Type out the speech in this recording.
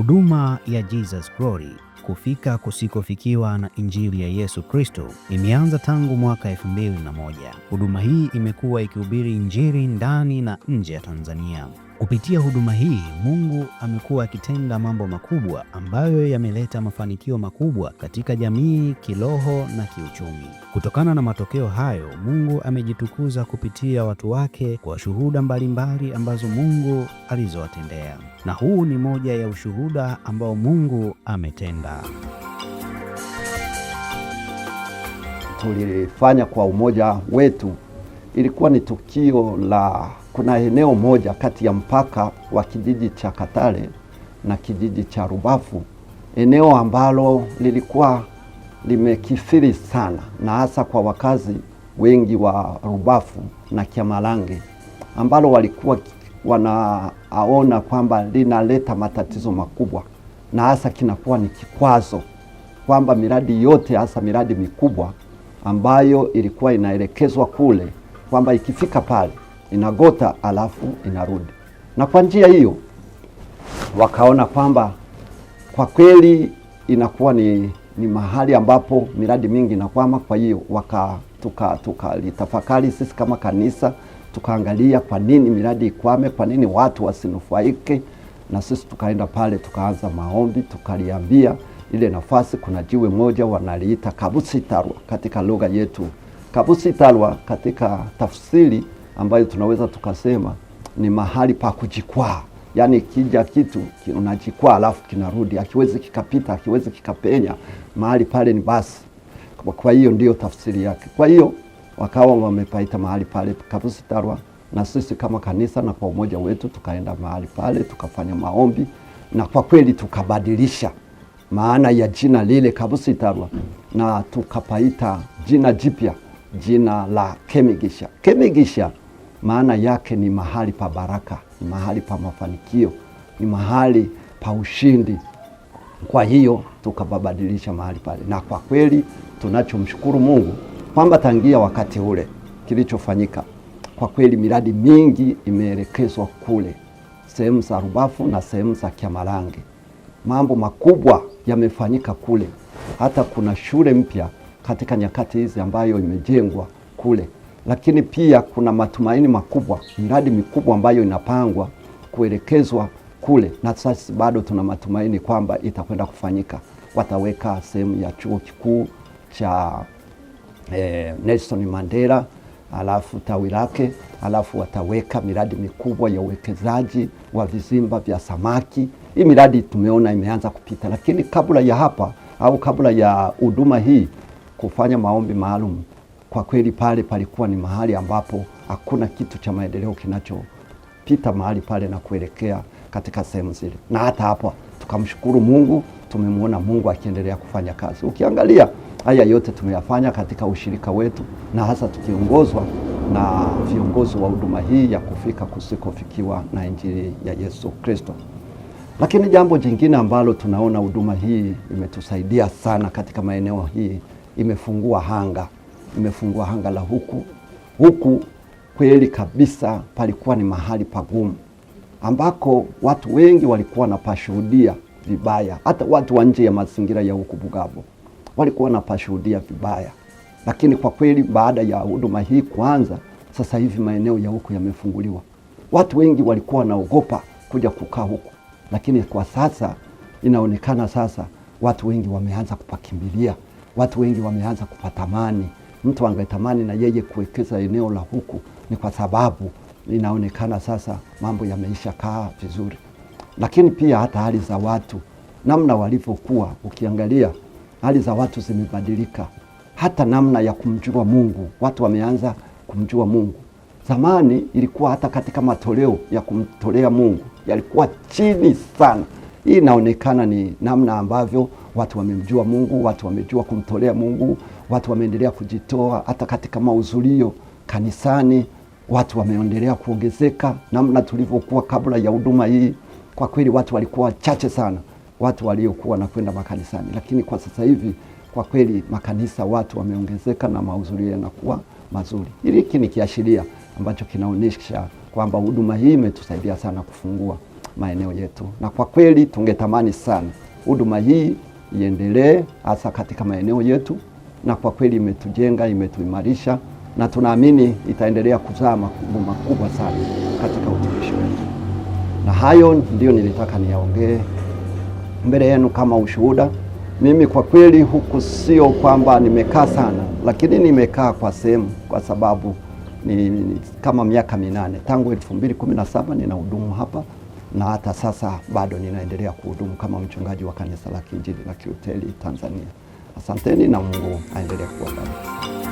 Huduma ya Jesus Glory kufika kusikofikiwa na injili ya Yesu Kristo imeanza tangu mwaka moja. Huduma hii imekuwa ikihubiri injili ndani na nje ya Tanzania. Kupitia huduma hii, Mungu amekuwa akitenda mambo makubwa ambayo yameleta mafanikio makubwa katika jamii, kiroho na kiuchumi. Kutokana na matokeo hayo, Mungu amejitukuza kupitia watu wake kwa shuhuda mbalimbali ambazo Mungu alizowatendea. Na huu ni moja ya ushuhuda ambao Mungu ametenda. Tulifanya kwa umoja wetu ilikuwa ni tukio la, kuna eneo moja kati ya mpaka wa kijiji cha Katale na kijiji cha rubafu eneo ambalo lilikuwa limekithiri sana na hasa kwa wakazi wengi wa rubafu na Kiamalange, ambalo walikuwa wanaona kwamba linaleta matatizo makubwa na hasa kinakuwa ni kikwazo kwamba miradi yote hasa miradi mikubwa ambayo ilikuwa inaelekezwa kule kwamba ikifika pale inagota alafu inarudi, na kwa njia hiyo wakaona kwamba kwa kweli inakuwa ni, ni mahali ambapo miradi mingi inakwama. Kwa hiyo waka tukalitafakari tuka, sisi kama kanisa tukaangalia kwa nini miradi ikwame, kwa nini watu wasinufaike, na sisi tukaenda pale tukaanza maombi, tukaliambia ile nafasi kuna jiwe moja wanaliita kabusitarwa katika lugha yetu Kabusi Talwa katika tafsiri ambayo tunaweza tukasema ni mahali pa kujikwaa, yaani kija kitu unajikwaa alafu kinarudi, akiwezi kikapita, akiwezi kikapenya mahali pale ni basi. Kwa hiyo ndiyo tafsiri yake. Kwa hiyo wakawa wamepaita mahali pale Kabusi Talwa, na sisi kama kanisa na kwa umoja wetu tukaenda mahali pale tukafanya maombi, na kwa kweli tukabadilisha maana ya jina lile Kabusi Talwa na tukapaita jina jipya jina la Kemigisha. Kemigisha maana yake ni mahali pa baraka, ni mahali pa mafanikio, ni mahali pa ushindi. Kwa hiyo tukababadilisha mahali pale, na kwa kweli tunachomshukuru Mungu kwamba tangia wakati ule kilichofanyika kwa kweli, miradi mingi imeelekezwa kule sehemu za Rubafu na sehemu za Kiamalange, Mambo makubwa yamefanyika kule, hata kuna shule mpya katika nyakati hizi ambayo imejengwa kule, lakini pia kuna matumaini makubwa, miradi mikubwa ambayo inapangwa kuelekezwa kule, na sasa bado tuna matumaini kwamba itakwenda kufanyika. Wataweka sehemu ya chuo kikuu cha eh, Nelson Mandela, alafu tawi lake, alafu wataweka miradi mikubwa ya uwekezaji wa vizimba vya samaki. Hii miradi tumeona imeanza kupita, lakini kabla ya hapa au kabla ya huduma hii kufanya maombi maalum. Kwa kweli pale palikuwa ni mahali ambapo hakuna kitu cha maendeleo kinachopita mahali pale na kuelekea katika sehemu zile, na hata hapa tukamshukuru Mungu, tumemwona Mungu akiendelea kufanya kazi. Ukiangalia haya yote tumeyafanya katika ushirika wetu, na hasa tukiongozwa na viongozi wa huduma hii ya kufika kusikofikiwa na Injili ya Yesu Kristo. Lakini jambo jingine ambalo tunaona huduma hii imetusaidia sana katika maeneo hii imefungua hanga, imefungua hanga la huku huku. Kweli kabisa, palikuwa ni mahali pagumu ambako watu wengi walikuwa wanapashuhudia vibaya, hata watu wa nje ya mazingira ya huku Bugabo walikuwa wanapashuhudia vibaya, lakini kwa kweli baada ya huduma hii kuanza, sasa hivi maeneo ya huku yamefunguliwa. Watu wengi walikuwa wanaogopa kuja kukaa huku, lakini kwa sasa inaonekana sasa watu wengi wameanza kupakimbilia watu wengi wameanza kupatamani. Mtu angetamani na yeye kuwekeza eneo la huku, ni kwa sababu inaonekana sasa mambo yameisha kaa vizuri, lakini pia hata hali za watu namna walivyokuwa, ukiangalia hali za watu zimebadilika, hata namna ya kumjua Mungu, watu wameanza kumjua Mungu. Zamani ilikuwa hata katika matoleo ya kumtolea Mungu yalikuwa chini sana. Hii inaonekana ni namna ambavyo watu wamemjua Mungu, watu wamejua kumtolea Mungu, watu wameendelea kujitoa hata katika mahudhurio kanisani, watu wameendelea kuongezeka namna tulivyokuwa kabla ya huduma hii. Kwa kweli watu walikuwa wachache sana, watu waliokuwa na kwenda makanisani, lakini kwa sasa hivi kwa kweli makanisa watu wameongezeka na mahudhurio yanakuwa mazuri. Hiki ni kiashiria ambacho kinaonyesha kwamba huduma hii imetusaidia sana kufungua maeneo yetu, na kwa kweli tungetamani sana huduma hii iendelee hasa katika maeneo yetu, na kwa kweli imetujenga, imetuimarisha na tunaamini itaendelea kuzaa makubwa makubwa sana katika utumishi wetu. Na hayo ndiyo nilitaka niyaongee mbele yenu kama ushuhuda. Mimi kwa kweli huku sio kwamba nimekaa sana, lakini nimekaa kwa sehemu, kwa sababu ni kama miaka minane tangu elfu mbili kumi na saba ninahudumu hapa na hata sasa bado ninaendelea kuhudumu kama mchungaji wa kanisa la Kiinjili la Kilutheri Tanzania. Asanteni na Mungu aendelee kuwabariki.